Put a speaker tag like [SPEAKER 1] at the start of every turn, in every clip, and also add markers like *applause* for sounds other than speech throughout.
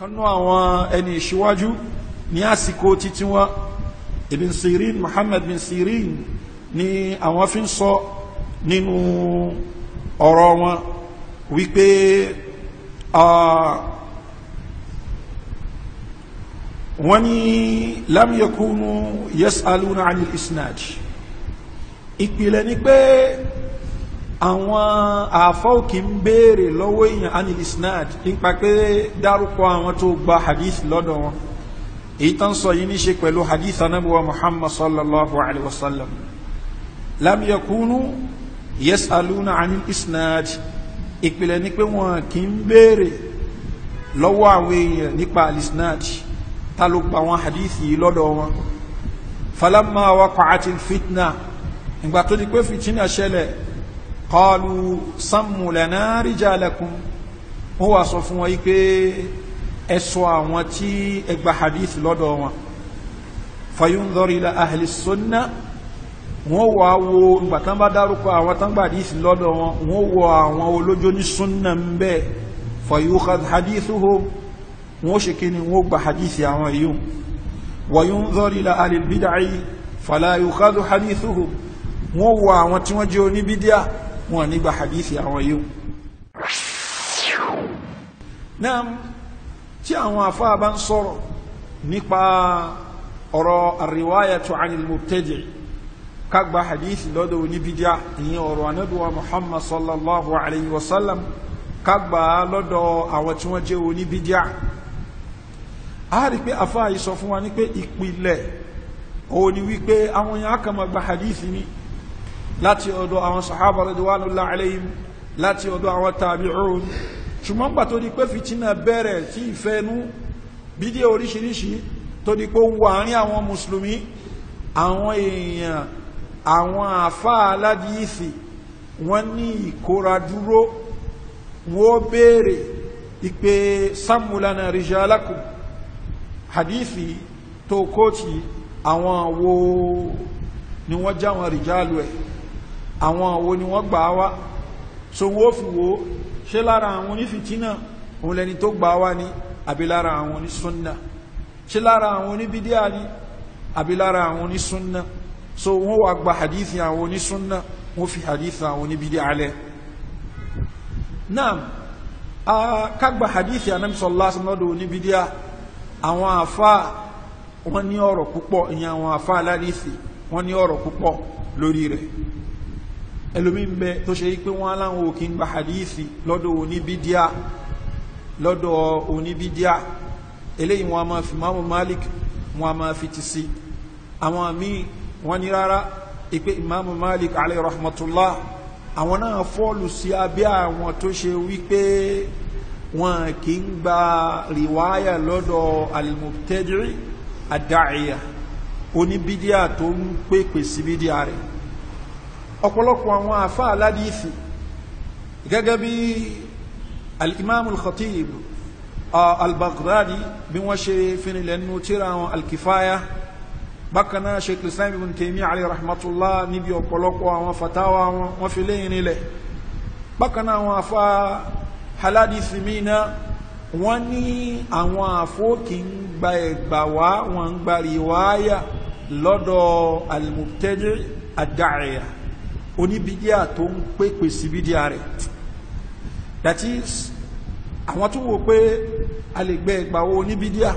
[SPEAKER 1] kanú àwọn ẹni ìṣíwájú ní àsìkò títí wọn ibn sirin muhammad bin sirin ni àwọn fi ń sọ nínú ọ̀rọ̀ wọn wípé wọ́n ní lam yakunu yas'aluna 'anil isnad ìpìlẹ̀ ni pé àwọn àfọ́òkì ń béèrè lọ́wọ́ èèyàn anil isnad nípa pé dárúkọ àwọn tó gba hadith lọ́dọ̀ wọn èyí tán sọ yìí ní ṣe pẹ̀lú hadith anábíwa muhammad sallallahu alaihi wasallam lam yakunu yasaluna anil isnad ìpìlẹ̀ ni pé wọn kì ń béèrè lọ́wọ́ àwọn èèyàn nípa alisnad ta ló gba àwọn hadith yìí lọ́dọ̀ wọn falamma waqa'atil fitna ìgbà tó di pé fitina ṣẹlẹ̀ qalu sammu lana rijalakum wọ́n wá sọ fún wọn yí pé ẹ sọ àwọn tí ẹ gba hadith lọ́dọ̀ wọn fayundhar ila ahli sunna wọ́n wá wo ìgbà tán bá dárúkọ àwọn tán gba hadith lọ́dọ̀ wọn wọ́n wọ àwọn olójó ní sunna ń bẹ fayukhadh hadithuhum hadith wọ́n wọ àwọn tí wọ́n jẹ́ oníbídíà wọn nígbà hadithi àwọn yíò náà tí àwọn afá bá ń sọ̀rọ̀ nípa ọ̀rọ̀ àríwáyàtò anilmubtadi kagbà hadithi lọ́dọ̀ oníbídíà ìyẹn ọ̀rọ̀ anábíwa muhammad sallallahu alayhi wasallam kagbà lọ́dọ̀ àwọn tí wọ́n jẹ́ oníbídíà a rí pé afá yìí sọ fún wa ní pé ìpìlẹ̀ òun wípé àwọn èèyàn akàmọ̀gbà hadithi ni láti ọ̀dọ̀ àwọn sàhábà radiyallahu alayhim láti ọ̀dọ̀ àwọn tabi'un ṣùgbọ́n gbà tó di pé fìtínà bẹ̀rẹ̀ tí ìfẹ́nu bídí oríṣiríṣi tó di pé wà ní àwọn mùsùlùmí àwọn èèyàn àwọn àfá aládìísì wọ́n ní ìkóra dúró wọ́n béèrè ìpè samulana rijalakum hadithi tó kóòtì àwọn wo ni wọ́n já wọn ẹ̀ àwọn wo ni wọ́n gbà wá so wó fi wo ṣé lára àwọn onífìtínà òun lẹni tó gbà wá ni àbí lára àwọn onísúnnà ṣé lára àwọn oníbídíà ni àbí lára àwọn onísúnnà so wọ́n wá gba hadithi àwọn onísúnnà wọ́n fi hadithi àwọn oníbídíà lẹ̀ naam kagbà hadithi anamisọlásán lọ́dọ̀ oníbídíà àwọn àfáà wọ́n ní ọ̀rọ̀ púpọ̀ ìyẹn àwọn àfáà aládìsí wọ́n ní ọ̀rọ̀ púpọ̀ lórí rẹ̀ ẹlòmí ń bẹ tó ṣe pé wọ́n aláwọn òkè ń gba hadithi lọ́dọ̀ oníbídíà lọ́dọ̀ oníbídíà eléyìí wọn a máa fi Imamu Malik wọn a máa fi ti sí àwọn míì wọn ní rárá ìpé Imamu Malik alayhi rahmatullah àwọn náà fọ́ọ̀lù sí abẹ́ àwọn tó ṣe wípé wọn kì í gba rìwáyà lọ́dọ̀ al-mubtadi' oníbídíà tó ń pèpè sí rẹ̀ ọ̀pọ̀lọpọ̀ àwọn àfá aládìísì gẹ́gẹ́ bí al-imam al-khatib al-baghdadi bí wọ́n ṣe finilẹ̀ nínú tíra àwọn al-kifaya bákaná sheikh islam ibn taymiyyah alayhi rahmatullah níbi ọ̀pọ̀lọpọ̀ àwọn fatawa wọn fi lẹ́yìn nílẹ̀ bákaná àwọn àfá aládìísì mìíràn wọ́n ní àwọn àfókì ń gba ẹ̀gbà wọn ń gba lọ́dọ̀ al-mubtadi' oníbídíà tó ń pépè sí bídíà rẹ̀ that is àwọn tó wò pé a lè gbẹ ẹgbà owó oníbídíà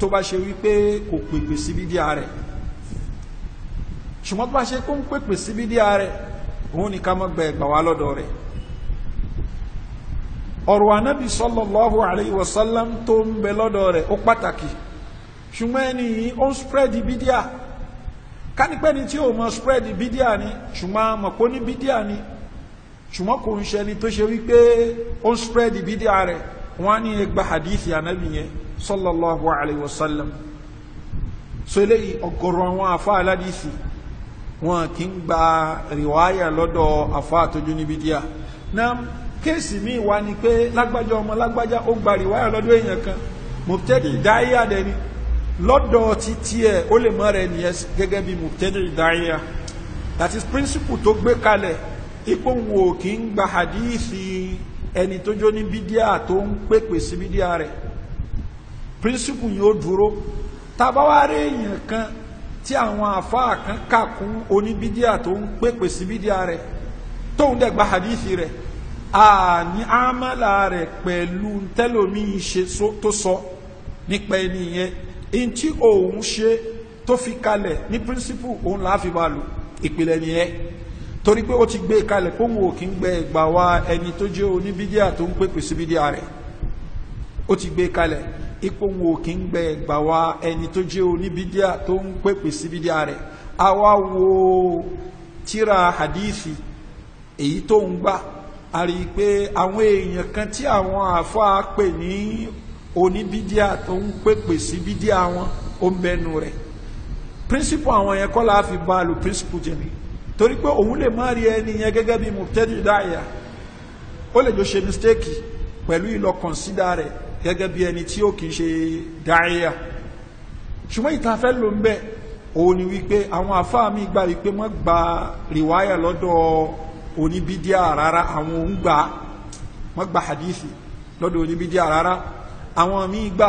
[SPEAKER 1] tó bá ṣe wípé kò pèpè sí bídíà rẹ̀ ṣùgbọ́n tó bá ṣe kó ń pèpè sí bídíà rẹ̀ òun ni ká má gbẹ ẹgbà wá lọ́dọ̀ rẹ̀ ọ̀rọ̀ anábì sallallahu alayhi wa tó ń bẹ lọ́dọ̀ rẹ̀ ó pàtàkì ṣùgbọ́n ẹni yìí ó ń spread bídíà kánípẹ́ ni tí ó mọ spread bídíà ni ṣùgbọ́n mọ̀pọ̀ ní bídíà ni ṣùgbọ́n kò ń ṣe ni tó ṣe wípé ó ń spread bídíà rẹ̀ wọ́n ní ẹgbà hadithi anabi yẹn sallallahu alayhi wa sallam so eléyìí ọ̀gọ̀rọ̀ àwọn afa aládìsí wọn kì í gba rìwáyà lọ́dọ̀ afa àtọ́jú ní bídíà náà kéèsì míì wá ni pé lágbájá ọmọ lágbájá ó gba rìwáyà lọ́dọ̀ èèyàn kan mọ̀tẹ́dì dáyà dẹni lọ́dọ̀ ti tiẹ̀ ó lè mọ́ rẹ̀ nìyẹn gẹ́gẹ́ bí mùtẹ́dì ìdáyà that is principle tó gbé kalẹ̀ ipò wo kì í gba hadithi ẹni tó jó ní bídíà tó ń pèpè sí bídíà rẹ̀ principle yìí ó dúró tabawari èèyàn kan tí àwọn àfáà kan kàkún oníbídíà tó ń pèpè sí bídíà rẹ̀ tóun dẹ̀ gba hadithi rẹ̀ àní àmàlà rẹ̀ pẹ̀lú tẹ́lómi ṣe tó sọ nípa ẹni yẹn in tí òun ṣe tó fi kalẹ̀ ní principle òun là á fi máa lò ìpìlẹ̀ nìyẹn torí pé ó ti gbé kalẹ̀ pé òun ò kí ń gbẹ ìgbà wa ẹni tó jẹ́ oníbídíà tó ń pèpè sí bídíà rẹ̀ ó ti gbé kalẹ̀ ipò òun kí ń gbẹ ìgbà wa ẹni tó jẹ́ oníbídíà tó ń pèpè sí bídíà rẹ̀ àwa wo tíra hadithi èyí tó ń gbà a rí i pé àwọn èèyàn kan tí àwọn àáfàá pè ní oníbídíà tó ń pèpè sí bídíà wọn ó ń bẹnu rẹ̀ principle àwọn yẹn kọ́ la fi bá a lo principle jẹ ni torí pé òun lè má rí ẹni yẹn gẹ́gẹ́ bí mubtadi dáìyà ó lè jọ ṣe mistake pẹ̀lú ìlọ consider rẹ̀ gẹ́gẹ́ bí ẹni tí ó kì í ṣe dáìyà ṣùgbọ́n ìtafẹ́ ló ń bẹ òun ni wípé àwọn afáà mi gba wípé wọ́n gba rìwáyà lọ́dọ̀ oníbídíà rárá àwọn òun gbà wọ́n gba hadithi lọ́dọ̀ oníbídíà rárá àwọn míì gbà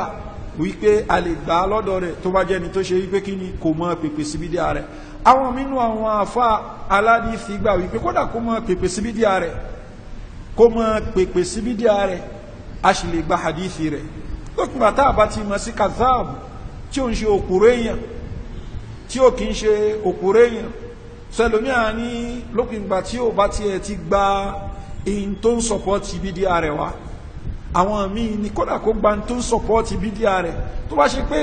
[SPEAKER 1] wípé a lè gbà lọ́dọ̀ rẹ̀ tó bá jẹ́ni tó ṣe wípé kí ni kò mọ̀ pèpè síbi díà rẹ̀ àwọn mínú àwọn àfa aládìsí gbà wípé kódà kó mọ̀ pèpè síbi díà rẹ̀ kó mọ̀ pèpè síbi díà rẹ̀ a sì lè gba hadithi rẹ̀ lókùnrin àtà àbá ti mọ̀ sí kazaabu tí ó ń ṣe òkúrò èèyàn tí ó kì í ṣe òkúrò èèyàn sẹlòmí àní lókùnrin ìgbà tí ó bá tiẹ̀ ti gba èyí tó ń sọ̀pọ̀ tìbí díà rẹ̀ wá àwọn míì ní kódà kó gba tó ń sọpọ́ọ̀tì bídíà rẹ̀ tó bá ṣe pé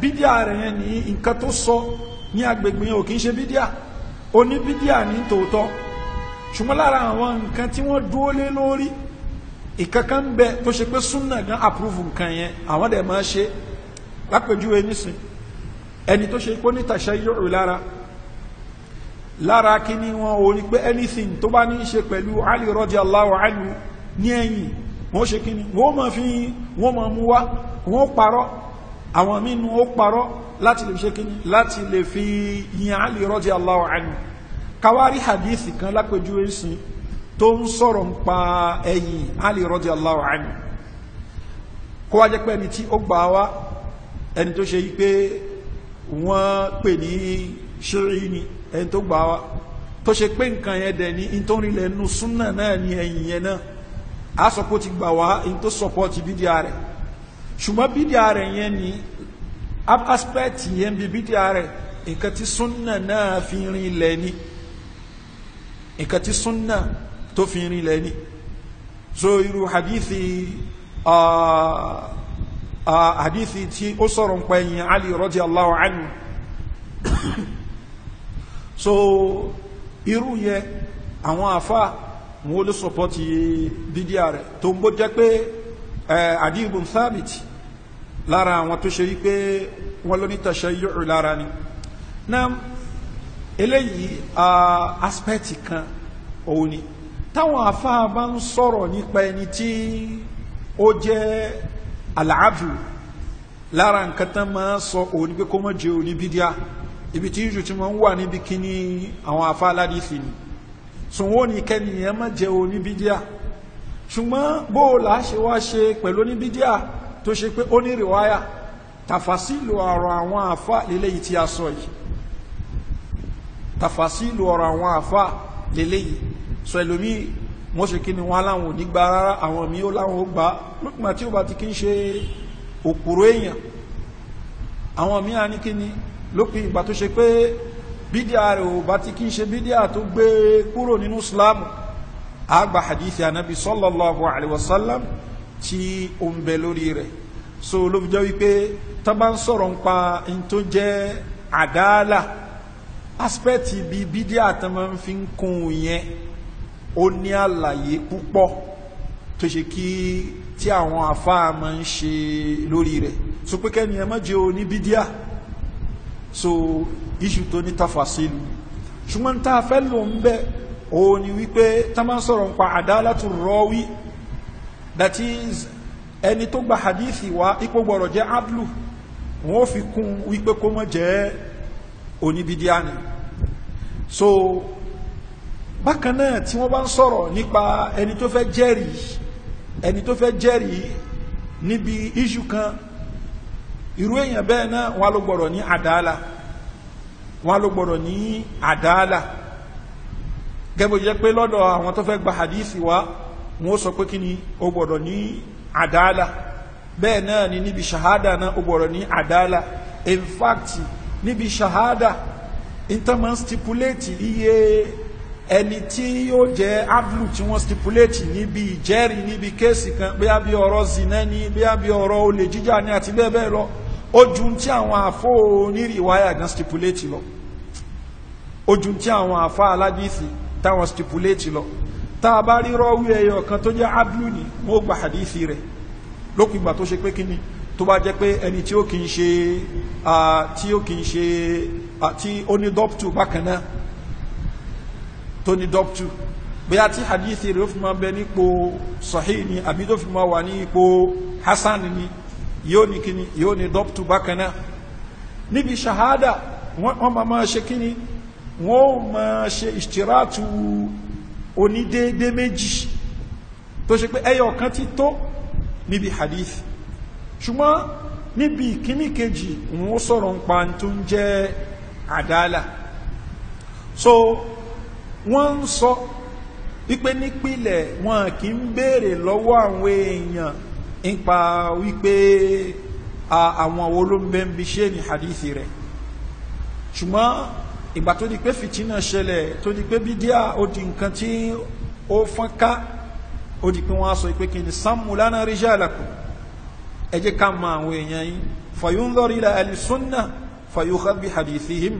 [SPEAKER 1] bídíà rẹ̀ yẹn ní nǹkan tó sọ ní agbègbè yẹn ò kí ń ṣe bídíà oní bídíà ní tòótọ́ ṣùgbọ́n lára àwọn nǹkan tí wọ́n dúró lé lórí ìkankan ń bẹ tó ṣe pé súnà gan àpúrúfù nǹkan yẹn àwọn dẹ̀ máa ṣe lápèjúwe nísìn ẹni tó ṣe pé onítàṣẹ yóò lára lára kí ni wọn ò ní pé anything tó bá ní í ṣe pẹ̀lú Ali radiyallahu anhu ní ẹ̀yìn wọ́n ṣe kí ni wọ́n ma fi wọ́n ma mú wá wọ́n parọ́ àwọn mínú ó parọ́ láti lè ṣe kí ni láti lè fi yin Ali radiyallahu anhu kawari hadithi kan lápẹjúwe sí tó ń sọ̀rọ̀ ń pa ẹ̀yìn Ali radiyallahu anhu kó wá jẹ́ pé ẹni tí ó gbà wá ẹni tó ṣe pé wọ́n pè ní ṣírí ni ẹni tó gbà wá tó ṣe pé nǹkan yẹn dẹ̀ ní nítorí lẹ́nu súnà náà ni ẹ̀yìn yẹn náà a sọ pé ó ti gbà wá in tó support bídíà rẹ̀ ṣùgbọ́n bídíà rẹ̀ yẹn ni aspect yẹn bí bídíà rẹ̀ nǹkan tí súnà náà fi rin ilẹ̀ ni nǹkan tí súnà tó fi rin ilẹ̀ ni so irú hadithi ah, ah, hadithi tí ó sọ̀rọ̀ ń pa ẹ̀yìn Ali radiyallahu anhu *coughs* so irú yẹ àwọn àfáà wọ́n ló bidia bídíà rẹ̀ tó ń bó jẹ́ pé Adi ibn Thabit lára àwọn tó ṣe wípé wọ́n ló ní tashayyu'u lára ni náà eléyìí aspect kan òun ni táwọn afáà bá ń sọ̀rọ̀ nípa ẹni tí ó jẹ́ aláàbù lára nǹkan tán máa sọ òun pé kó mọ̀ jẹ́ oníbídíà ibi tí yíṣù ti máa ń wà níbi kíní àwọn afáà ládìsí ni sùnwó ni kẹ́nìyàn má jẹ́ oníbídíà ṣùgbọ́n bóòlà ṣe wá ṣe pẹ̀lú oníbídíà tó ṣe pé ó ní rìwáyà tàfàsílù ọ̀rọ̀ àwọn àfá lélẹ́yìí tí a sọ yìí tàfàsílù ọ̀rọ̀ àwọn àfá lélẹ́yìí sọ ẹlòmí wọ́n ṣe kí ni wọ́n aláwọn ní gba rárá àwọn mi ó láwọn ó gbà lókùnmà tí ó bá ti kí ń ṣe òpùrọ̀ èèyàn àwọn mi á ní kí ni lópin ìgbà tó ṣe pé bídíà rẹ̀ ò bá ti kí ń ṣe bídíà tó gbé kúrò nínú islam àgbà hadithi anabi sallallahu alaihi wasallam tí ó ń bẹ lórí rẹ̀ so ló fi jẹ́ wípé tó bá ń sọ̀rọ̀ ń pa in tó jẹ́ àdáàlà aspect bíi bídíà tó máa ń fi ń kún yẹn ó ní àlàyé púpọ̀ tó ṣe kí tí àwọn àfáà máa ń ṣe lórí rẹ̀ so pé kẹ́ni ẹ má jẹ́ oní bídíà so iṣu tó ní tafasilu ṣùgbọ́n tá a fẹ́ lò ń bẹ́ òun ni wípé tá máa sọ̀rọ̀ nípa àdálátù rọ́wí that is ẹni tó gba hadithi wa ipò gbọ́rọ̀ jẹ́ adlu wọ́n fi kún wípé kó mọ́ jẹ́ oníbidíani so bákan náà tí wọ́n bá ń sọ̀rọ̀ nípa ẹni tó fẹ́ jẹ́rìí ẹni tó fẹ́ jẹ́rìí níbi iṣu kan irú èèyàn bẹ́ẹ̀ náà wọn ló gbọ́dọ̀ ní àdáàlà wọn ló gbọ́dọ̀ ní àdáàlà gẹ́gbó jẹ́ pé lọ́dọ̀ àwọn tó fẹ́ gba hadisi wa wọ́n sọ pé kí ni ó gbọ́dọ̀ ní àdáàlà bẹ́ẹ̀ náà ni níbi ṣahada náà ó gbọ́dọ̀ ní àdáàlà in fact níbi ṣahada interman stipulate iye ẹni tí yóò jẹ́ avlu tí wọ́n stipulate níbi ìjẹ́rìí níbi kéèsì kan bí a bí ọ̀rọ̀ zina ni bí a bí ọ̀rọ̀ olè jíjà ni àti bẹ́ẹ̀ bẹ́ẹ̀ lọ ojú tí àwọn àfọ́ onírìwáyà gan stipulate lọ ojú tí àwọn àfọ́ aládìsí táwọn stipulate lọ tá a bá rí rọ́wí ẹyọ kan tó jẹ́ ablu ni wọ́n gba hadisi rẹ̀ lópin ìgbà tó ṣe pé kíni tó bá jẹ́ pé ẹni tí ó kì í ṣe tí ó kì í ṣe tí ó ní dọ́pútù bákan náà tó ní dọ́pútù bóyá tí hadisi rẹ̀ ó fi máa bẹ nípò sahih ni àbí tó fi máa wà ní ipò hasan ni yóò yoni kíni yóò ní dọ́pútù bákan náà níbi ṣahada wọ́n máa máa ṣe kíni wọ́n máa ṣe ìṣtirátù onídéédé méjì tó ṣe pé ẹyọ kan ti tó níbi hadith ṣùgbọ́n nibi ìkíní kejì wọ́n sọ̀rọ̀ ń pa tó ń so wọ́n ń sọ wípé nípìnlẹ̀ wọn kì í béèrè lọ́wọ́ àwọn èèyàn nípa wípé àwọn olóńgbẹ́mbi ṣe ní hadithi rẹ̀ ṣùgbọ́n ìgbà tó di pé fìtínà ṣẹlẹ̀ tó di pé bídíà ó di nǹkan tí ó fọ́n ká ó di pé wọ́n á sọ pé kí ni sammu lana rijalakum ẹ jẹ́ ká mọ àwọn èèyàn yín fayunzor ila alisunna fayukhad bi hadithihim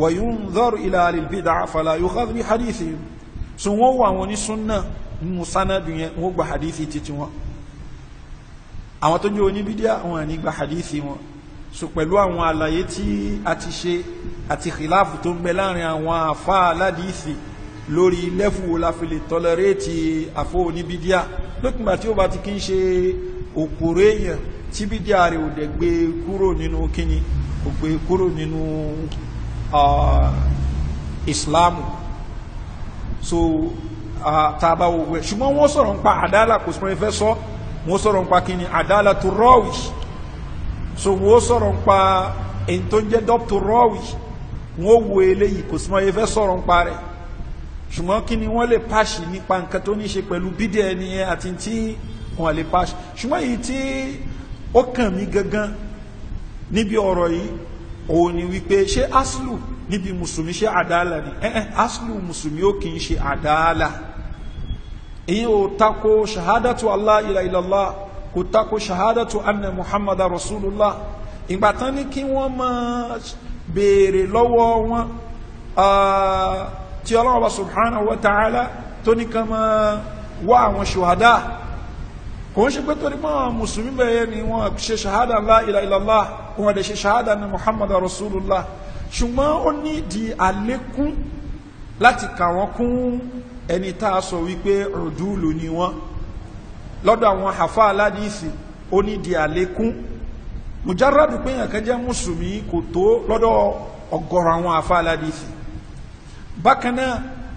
[SPEAKER 1] wayunzor ila alilbida fala yukhad bi hadithihim so wọ́n wà wọn ní sunna musanadu yẹn wọ́n gba hadithi titi wọn àwọn tó jẹ́ oníbídíà wọn nígbà hadithi wọn so pẹ̀lú àwọn àlàyé tí a ti ṣe àti khilafu tó ń bẹ láàrin àwọn àfá aládìísì lórí lẹ́fù wo la fi lè tọ́lẹ̀rẹ́tì àfó oníbídíà lókùnbà tí ó bá ti kí ń ṣe òkúrò èèyàn tí bídíà rẹ̀ ò dẹ̀ gbé kúrò nínú kíni ò gbé kúrò nínú ìsìláàmù so tàbá òwe ṣùgbọ́n wọ́n sọ̀rọ̀ ń pa àdálà kò sọ wọ́n sọ̀rọ̀ nípa kí ni adalatu rawi so wọ́n sọ̀rọ̀ nípa èyí tó ń jẹ́ dọ́pítọ̀ rawi wọ́n wo eléyìí kò sí mọ́ ẹ fẹ́ sọ̀rọ̀ nípa rẹ̀ ṣùgbọ́n kí ni wọ́n lè pàṣì nípa nǹkan tó ní ṣe pẹ̀lú bídẹ̀ ẹni yẹn àti tí wọ́n lè pàṣì ṣùgbọ́n èyí tí ó kàn mí gangan níbi ọ̀rọ̀ yìí òun ni wípé ṣé aslu níbi mùsùlùmí ṣe àdáàlà ni ẹ́ẹ́ aslu mùsùlùmí ó kì í ṣe àdáàlà èyí ò tako ṣahádàtù allah ila ilallah kò tako ṣahádàtù anna muhammad rasulullah ìgbàtán ní kí wọ́n máa béèrè lọ́wọ́ wọn tí ọlọ́wọ́ bá subhanahu wa ta'ala tó ní kan máa wá àwọn ṣahádà kò ń ṣe pé torí mọ́ musulmi bẹ̀yẹ ni wọ́n ṣe ṣahádà la ila ilallah kò wọ́n dẹ̀ ṣe ṣahádà anna muhammad rasulullah ṣùgbọ́n ó ní di àlékún láti kà wọ́n kún ẹni tá a sọ wípé rùdúùlù ni wọ́n lọ́dọ̀ àwọn àfá aládìsí ó ní di àlékún mùjáràdù pé yàn kan jẹ́ mùsùlùmí kò tó lọ́dọ̀ ọ̀gọ̀rọ̀ àwọn àfá aládìsí bákan náà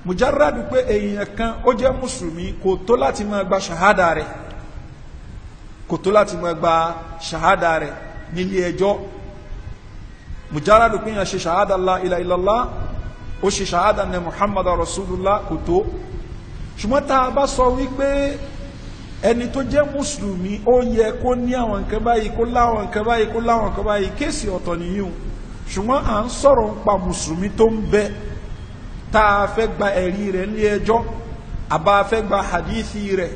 [SPEAKER 1] mùjáràdù pé èèyàn kan ó jẹ́ mùsùlùmí kò tó láti máa gba ṣàhádà rẹ̀ kò tó láti máa gba ṣàhádà rẹ̀ nílé ẹjọ́ mùjáràdù pé yàn ṣe ṣàhádà la ilaha illallah ó ṣe ṣàhádà ní muhammad rasulullah kò tó ṣùgbọ́n tá a bá sọ wípé ẹni tó jẹ́ mùsùlùmí ó yẹ kó ní àwọn nǹkan báyìí kó láwọn nǹkan báyìí kó láwọn nǹkan báyìí kéèsì ọ̀tọ̀ nìyíhun ṣùgbọ́n à ń sọ̀rọ̀ ń pa mùsùlùmí tó ń bẹ tá a fẹ́ gba ẹ̀rí rẹ̀ ní ẹjọ́ àbá fẹ́ gba hadithi rẹ̀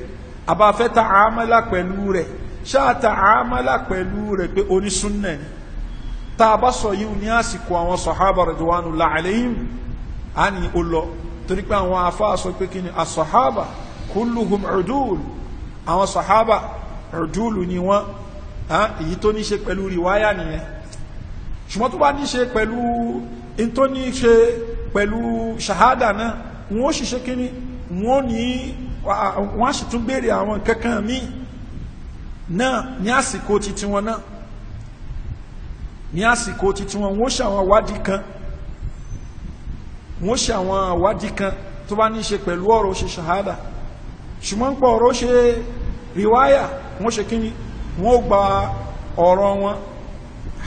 [SPEAKER 1] àbá fẹ́ ta àmàlà pẹ̀lú rẹ̀ ṣáà ta àmàlà pẹ̀lú rẹ̀ pé onísúnnà ni tá a bá sọ yìí ní àsìkò àwọn sàhábà radwanullahi alayhim a ní ó lọ torí pé àwọn afá sọ pé kí ni asọ̀hábà kulluhum udul àwọn sọ̀hábà udul ni wọ́n èyí tó ní ṣe pẹ̀lú riwáyà nìyẹn ṣùgbọ́n tó bá ní ṣe pẹ̀lú in tó ní ṣe pẹ̀lú ṣàhádà náà wọ́n ṣiṣẹ́ kí ni wọ́n ní wọ́n sì tún béèrè àwọn kankan míì náà ní àsìkò titi wọn náà ní àsìkò titi wọn wọ́n ṣàwọn wádìí kan wọ́n ṣe àwọn àwádìí kan tó bá ní ṣe pẹ̀lú ọ̀rọ̀ ṣe ṣàhádà ṣùgbọ́n pọ̀ ọ̀rọ̀ ṣe ríwáyà wọ́n ṣe kíni wọ́n gba ọ̀rọ̀ wọn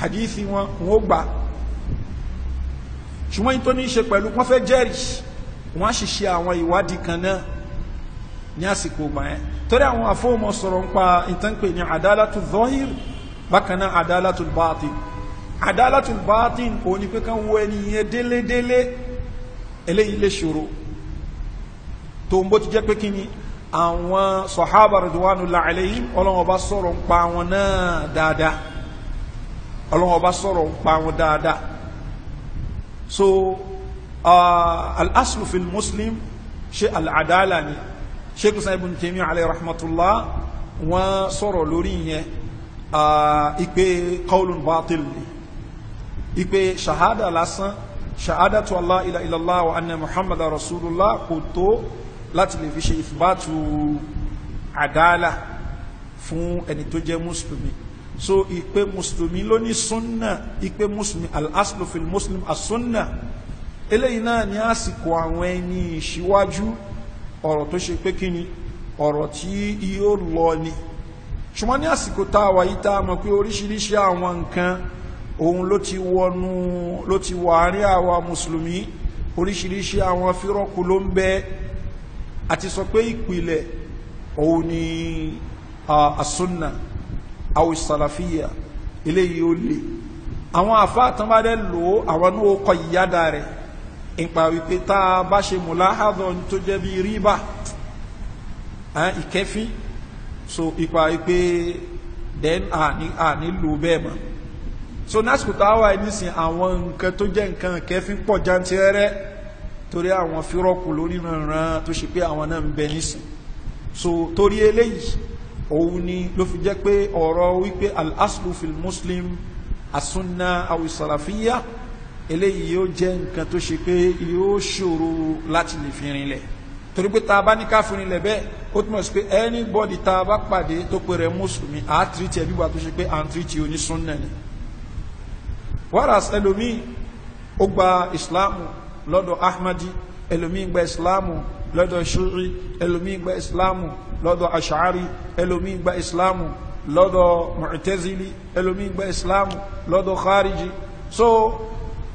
[SPEAKER 1] hadithi wọn wọ́n gbà ṣùgbọ́n yìí tó ní ṣe pẹ̀lú wọ́n fẹ́ jẹ́rìí wọ́n á sì ṣe àwọn ìwádìí kan náà ní àsìkò gbà yẹn torí àwọn àfọwọ́mọ sọ̀rọ̀ ń pa ìtànpè ní adalatu zahir bákan náà adalatu batin adalatu batin òun ni pé kán wo ẹni yẹn délédélé délé eléyìí lè ṣòro tó ń bó ti jẹ́ pé kí ni àwọn sọ̀hábà ridwanullahi alayhim ọlọ́run ọba sọ̀rọ̀ ń pa wọn náà dáadáa ọlọ́run ọba sọ̀rọ̀ ń pa wọn dáadáa so uh, al-aslu fil muslim ṣe al-adala ni sheikh sa'id ibn Taymiyyah alayhi rahmatullah wọ́n sọ̀rọ̀ lórí yẹn ipe qawlun batil ipe shahada lásán ṣàádàtú Allah ila ilallah wa anna Muhammad Rasulullah kò tó láti lè fi ṣe ìfìbátú àdáàlà fún ẹni tó jẹ́ mùsùlùmí so ìpè mùsùlùmí ló ní súnnà ìpè mùsùlùmí al-aslufil muslim as-súnnà eléyìí náà ní àsìkò àwọn ẹni ìṣíwájú ọ̀rọ̀ tó ṣe pé kí ni ọ̀rọ̀ tí yóò lọ ni ṣùgbọ́n ní àsìkò tá a wà mọ̀ pé oríṣiríṣi àwọn nǹkan òun ló ti wọnú ló ti wọ àárín àwa mùsùlùmí oríṣiríṣi àwọn fírọ́kù ló ń bẹ àti sọ pé ìpìlẹ̀ òun ni àsúnà àwòsàlàfíà eléyìí ó lè àwọn àfáà tán bá dẹ̀ lò ó àwọn ní ó ìyáda rẹ̀ nípa wípé tá a bá ṣe mùláhàdọ̀ tó jẹ́ bí rìbá ìkẹ́fín so ipa wípé then àní lò bẹ́ẹ̀ mọ́ so násìkò tá a wà nísìn àwọn nǹkan tó jẹ́ nǹkan kẹfín pọ̀ jantirẹ́rẹ́ torí àwọn fírọ́kù lórí rànran tó ṣe pé àwọn náà ń bẹ nísìn so torí eléyìí òun ni ló fi jẹ́ pé ọ̀rọ̀ wípé al-aslu fil muslim asunna awisalafiya eléyìí yóò jẹ́ nǹkan tó ṣe pé yóò ṣòro láti lè fi rinlẹ̀ torí pé tá ní ká fi rinlẹ̀ bẹ́ẹ̀ ó túmọ̀ sí pé anybody tá a bá pàdé tó pe rẹ̀ mùsùlùmí àá tìrìtì ẹ̀bí wa tó ṣe pé à ń tìrìtì onísùnnà ni whereas ẹlòmíì ó gba ìsìláàmù lọ́dọ̀ ahmadi ẹlòmíì gba ìsìláàmù lọ́dọ̀ shuri ẹlòmíì gba ìsìláàmù lọ́dọ̀ ashari ẹlòmíì gba ìsìláàmù lọ́dọ̀ mu'tazili ẹlòmíì gba ìsìláàmù lọ́dọ̀ khariji so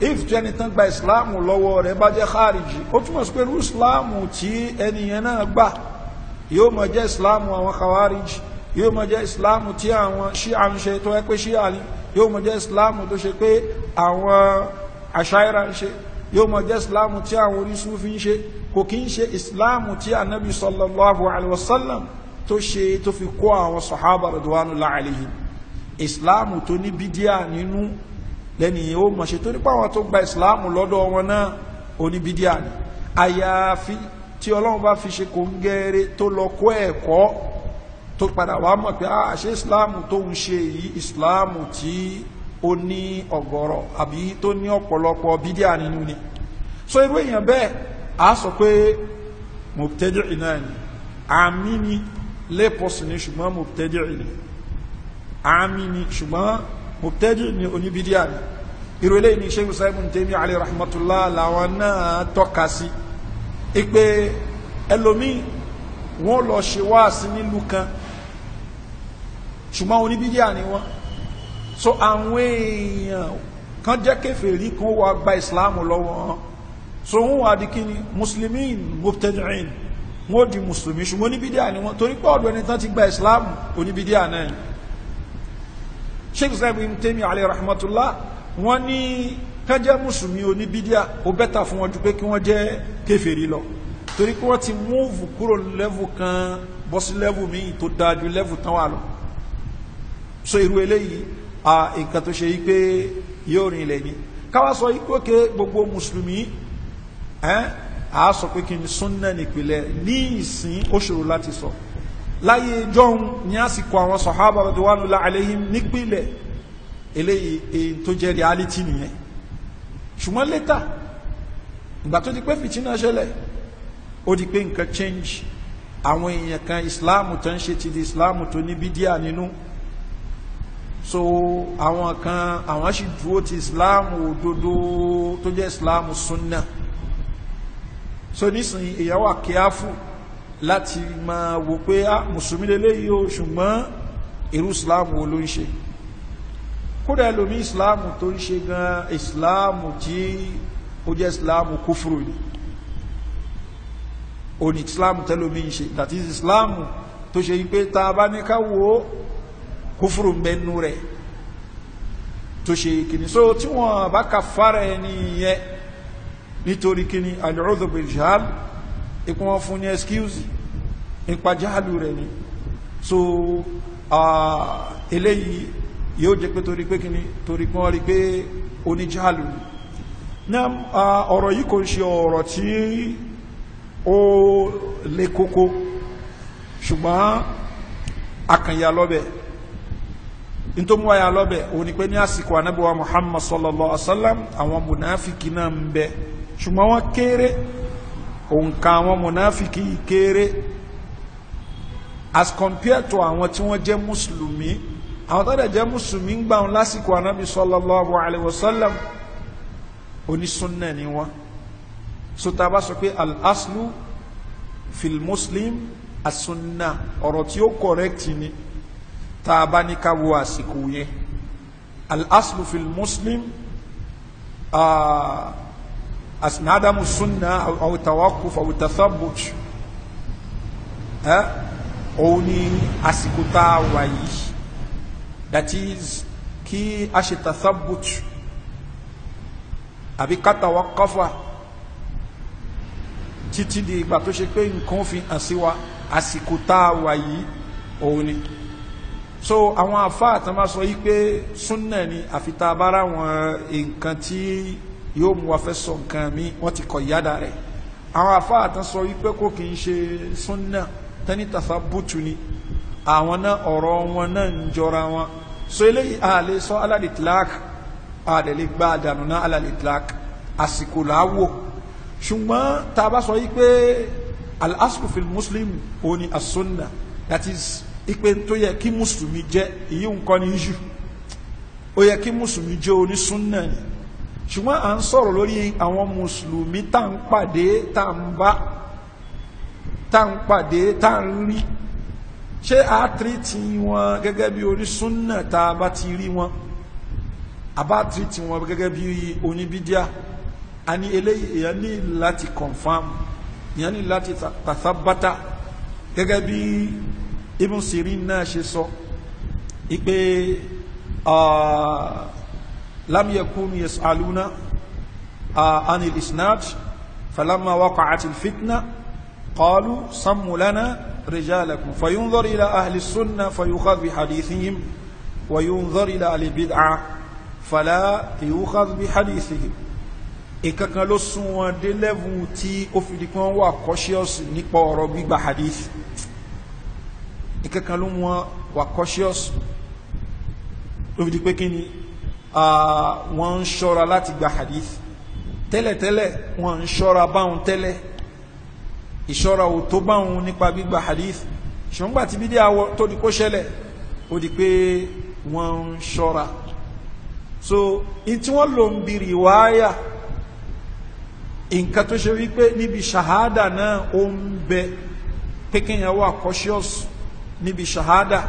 [SPEAKER 1] if tí ẹni tán gba ìsìláàmù lọ́wọ́ rẹ̀ bá jẹ́ khariji ó túmọ̀ sí pé irú ìsìláàmù tí ẹnìyẹn náà gbà yóò máa jẹ́ ìsìláàmù àwọn khawariji yóò máa jẹ́ ìsìláàmù tí àwọn ṣíà ń ṣe tó ẹ pé ṣíà ni yóò mọ̀ jẹ́ islamu tó ṣe pé àwọn àṣáírà ń ṣe yóò mọ̀ jẹ́ islamu tí àwọn onísúfí ń ṣe kò kí ń ṣe islamu tí anabi sallallahu alaihi wasallam tó ṣe tó fi kó àwọn sahaba radwanullahi alaihim islamu tó ní bídíà nínú lẹ́ni yóò mọ̀ ṣe tó nípa àwọn tó gba islamu lọ́dọ̀ wọn náà oníbídíà ni tó padà wá mọ̀ pé àṣẹ ah, ìsìláàmù tó ń ṣe yìí ìsìláàmù tí ó ní ọ̀gọ̀rọ̀ àbí tó ní ọ̀pọ̀lọpọ̀ bídíà nínú ni so irú èèyàn bẹ́ẹ̀ a sọ pé mubtadi'i náà ni àmì ni lẹ́pọ̀sì ni ṣùgbọ́n mubtadi'i ni àmì ni ṣùgbọ́n mubtadi'i ni oníbídíà ni irú eléyìí ni ṣe ìsáìmù tèmi alẹ́ rahmatullah làwọn náà tọ́ka sí i pé ẹlòmíì wọ́n lọ ṣe wáàsí nílùú kan ṣùgbọ́n oníbídíà ni wọ́n so àwọn èèyàn kan jẹ́ kèfèrí kan wà gba islam lọ́wọ́ so wọ́n wà di kí ni muslimin mubtadi'in wọ́n di musulmi ṣùgbọ́n oníbídíà ni wọ́n torí pé ọ̀dọ̀ ẹni tán ti gba islam oníbídíà náà ni sheikh zayd ibn taymi alayhi rahmatullah wọ́n ní kán jẹ́ musulmi oníbídíà ó bẹ́tà fún wọn ju pé kí wọ́n jẹ́ kèfèrí lọ torí pé wọ́n ti múùfù kúrò lẹ́vù kan bọ́sí lẹ́vù míì tó dáa ju lẹ́vù tán wà lọ so irú eléyìí a nǹkan tó ṣe yí pé yóò rìn ilẹ̀ ni káwá sọ yìí pé gbogbo mùsùlùmí a sọ pé kí n súnnà nípìnlẹ̀ ní ìsìn ó ṣòro láti sọ láyé jọun ní àsìkò àwọn sọ̀hábà radiyallahu alaihim nípìnlẹ̀ eléyìí èyí tó jẹ́ reality nìyẹn ṣùgbọ́n létà ìgbà tó di pé fìtínà ṣẹlẹ̀ ó di pé nǹkan change àwọn èèyàn kan ìsìláàmù tó ń ṣe ti di ìsìláàmù tó ní bídíà nínú so àwọn kan àwọn sì dúró ti islam òdodo tó jẹ́ islam sunna so nísìnyí èyàn wà kíáfù láti máa wò pé á ah, mùsùlùmí lélẹ́yìí o ṣùgbọ́n irú islam wo ló ń ṣe kódà ẹlòmí islam tó ń ṣe gan islam tí ó jẹ́ islam kúfúrú ni òní islam tẹ́lómi ń ṣe that is Islamu tó ṣe yí pé tá a bá ní ká wò ó kúfúrú ń bẹ nú rẹ̀ tó ṣe kìíní so tí wọ́n bá ka fara ẹni yẹn nítorí kìíní al-udhu ikú wọn fún ní excuse ipa jáàlù rẹ̀ ni so eléyìí yóò jẹ́ pé torí pé kìíní torí pé wọ́n rí pé oníjáàlù ni náà ọ̀rọ̀ yìí kò ṣe ọ̀rọ̀ tí ó le kókó ṣùgbọ́n akànyà lọ́bẹ̀ẹ́ in tó mú wáyà lọ́bẹ̀ òun ni pé ní àsìkò anábíwá muhammad sallallahu alaihi wa sallam àwọn munafiki náà ń bẹ ṣùgbọ́n wọ́n kéré òǹkà àwọn munafiki kéré as compared to àwọn tí wọ́n jẹ́ mùsùlùmí àwọn tó dẹ̀ jẹ́ mùsùlùmí ń gbà wọn lásìkò anábí sallallahu alaihi wa sallam onísúnnà ni wọ́n so tá a bá al-aslu fil muslim as-sunna ọ̀rọ̀ tí ó correct ni tá a bá ní ká wo àsìkò yẹn al-aslu fil muslim asnadamu sunna aw tawakuf aw tathabut eh? òun ni àsìkò tá a wà that is kí a ṣe tathabut àbí ká tawakafa títí di ìgbà tó ṣe pé nǹkan fi hàn sí wa àsìkò tá a wà yìí ni so àwọn àfáà tán bá sọ yí pé súnà ni àfitá abára wọn nǹkan tí yóò mú wa fẹ́ sọ nǹkan mi wọ́n ti kọ̀ ìyáda rẹ̀ àwọn àfáà tán sọ yí pé kò kì í ṣe súnà tẹ́ni tàfà bùtù ni àwọn náà ọ̀rọ̀ wọn náà ń jọra wọn so eléyìí àlè sọ alalitlak àdèlè gba àdànù náà alalitlak àsìkò làwò ṣùgbọ́n tá a bá sọ yí pé al-asku muslim òní as that is ipe tó yẹ kí mùsùlùmí jẹ́ èyí nǹkan ní jù ó yẹ kí mùsùlùmí jẹ́ onísúnnà ni ṣùgbọ́n à ń sọ̀rọ̀ lórí àwọn mùsùlùmí tá ń pàdé tá ń bá tá ń pàdé tá ń rí ṣé a tírìtì wọn gẹ́gẹ́ bí onísúnnà tá a bá ti rí wọn a bá tírìtì wọn gẹ́gẹ́ bí oníbídíà a ní eléyìí èèyàn ní láti confam èèyàn ní láti tàtàbátà gẹ́gẹ́ bí Ibn Sirin na ṣe sọ ipe ah lam yakun yas'aluna an al isnad falamma waqa'at al fitna qalu sammu lana rijalakum fayunzar ila ahli sunnah fayukhadh bi hadithihim وينظر إلى البدعة فلا يؤخذ بحديثهم ìkankan ló sún wọn dé lẹ́bùn tí ó fi di pé wọ́n wà cautious nípa ọ̀rọ̀ gbígba hadith ìkankan ló mú wọn wà cautious ló fi di pé kí ni wọ́n ń ṣọ́ra láti gba hadith tẹ́lẹ̀tẹ́lẹ̀ wọ́n ń ṣọ́ra báwọn tẹ́lẹ̀ ìṣọ́ra ò tó báwọn nípa gbígba hadith ṣùgbọ́n tí bídí àwọ tó di kó ṣẹlẹ̀ ó di pé wọ́n ń ṣọ́ra so in tí wọ́n lò ń bi rìwáyà nǹkan tó ṣe wípé níbi ṣàhádà náà ó ń bẹ pé kéèyàn wà cautious níbi ṣahada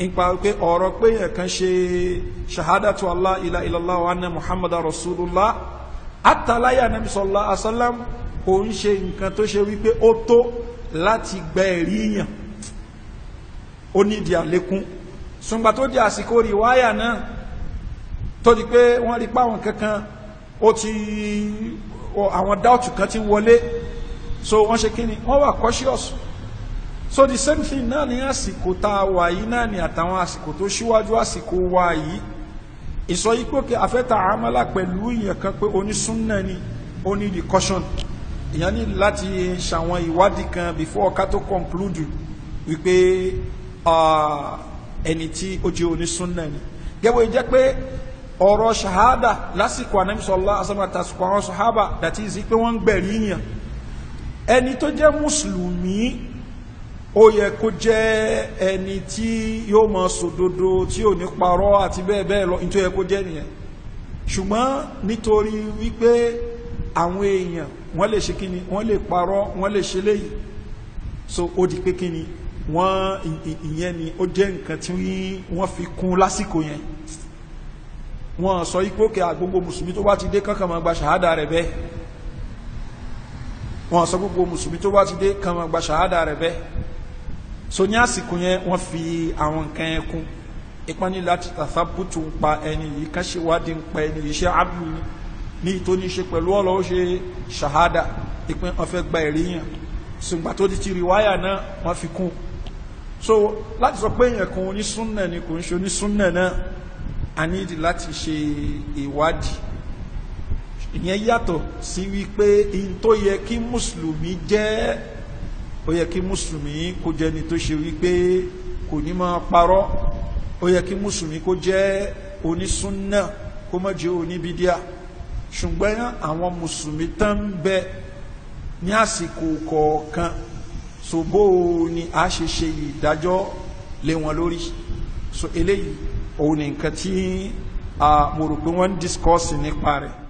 [SPEAKER 1] nípa pé ọ̀rọ̀ pé ẹ̀kan ṣe ṣahada tó Allah ilá ilọ́lá wa ní Muhammad Rasulullah atalaya nabi sallallahu alaihi wasallam kò ń ṣe nǹkan tó ṣe wípé ó tó láti gbẹ ẹ̀rí yàn ó nídìí àlékún ṣùgbà tó di àsìkò rìwáyà náà tó di pé wọ́n rí páwọn kankan ó ti àwọn dáùtù kan ti wọlé so wọ́n ṣe kí ni wọ́n wà cautious so the same thing náà ní àsìkò tá a wà yìí náà ní àtàwọn àsìkò tó ṣíwájú àsìkò wa yìí ìsọyípòkè àfẹ́ta àmàlà pẹ̀lú ìyẹn kan pé onísúnnà ni ó ní the caution ìyẹn ní láti ṣàwọn ìwádìí kan before ká tó conclude wípé ẹni tí ó jẹ́ onísúnnà ni gẹ́gbẹ́ jẹ́ pé ọ̀rọ̀ ṣahada lásìkò anamisọ́lá asọ́mọ́tàsíkò àwọn sọ̀hábà dàtí ìsí pé wọ́n ń gbẹ̀rí yàn ẹni tó jẹ́ mùsùlùmí ó yẹ kó jẹ́ ẹni tí yóò mọ sòdodo tí ò ní parọ́ àti bẹ́ẹ̀ bẹ́ẹ̀ lọ nítorí yẹ kó jẹ́ nìyẹn ṣùgbọ́n nítorí wípé àwọn èèyàn wọ́n lè ṣe kíni wọ́n lè parọ́ wọ́n lè ṣe léyìí so ó di pé kíni wọ́n ìyẹn ni ó jẹ́ nǹkan tí wọ́n fi kún lásìkò yẹn wọ́n sọ ipò kẹ àgbogbo mùsùlùmí tó bá ti dé kankan máa gba ṣàhádà rẹ̀ bẹ́ẹ̀ wọ́n sọ gbogbo mùsùlùmí tó bá ti dé kankan máa gba ṣàhádà rẹ̀ bẹ́ẹ̀ so ní àsìkò yẹn wọ́n fi àwọn nǹkan yẹn kún ìpani láti tàfà bùtù ń pa ẹni yìí ká ṣe wádìí ń pa ẹni yìí ṣe abdu ní ìtòní ṣe pẹ̀lú ọ̀rọ̀ ṣe ṣàhádà ìpín ọ̀fẹ́ gba ẹ̀rí yẹn ṣùgbọ́n tó ti ti rìwáyà náà wọ́n fi kún so láti sọ pé èèyàn kan onísúnnà ni kò ń ṣe onísúnnà náà a nídìí láti ṣe ìwádìí ìyẹn yàtọ̀ sí wípé in yẹ kí mùsùlùmí jẹ́ ó yẹ kí mùsùlùmí kó jẹ́ ni tó ṣe wípé kò ní máa parọ́ ó yẹ kí mùsùlùmí kó jẹ́ onísúnnà kó má jẹ́ oníbídíà ṣùgbọ́n àwọn mùsùlùmí tán ń bẹ ní àsìkò kọ̀ọ̀kan ṣògbó ni a ṣe ṣe ìdájọ́ lé wọn lórí so eléyìí òun ni nǹkan tí mo rò pé wọ́n ń discourse nípa rẹ̀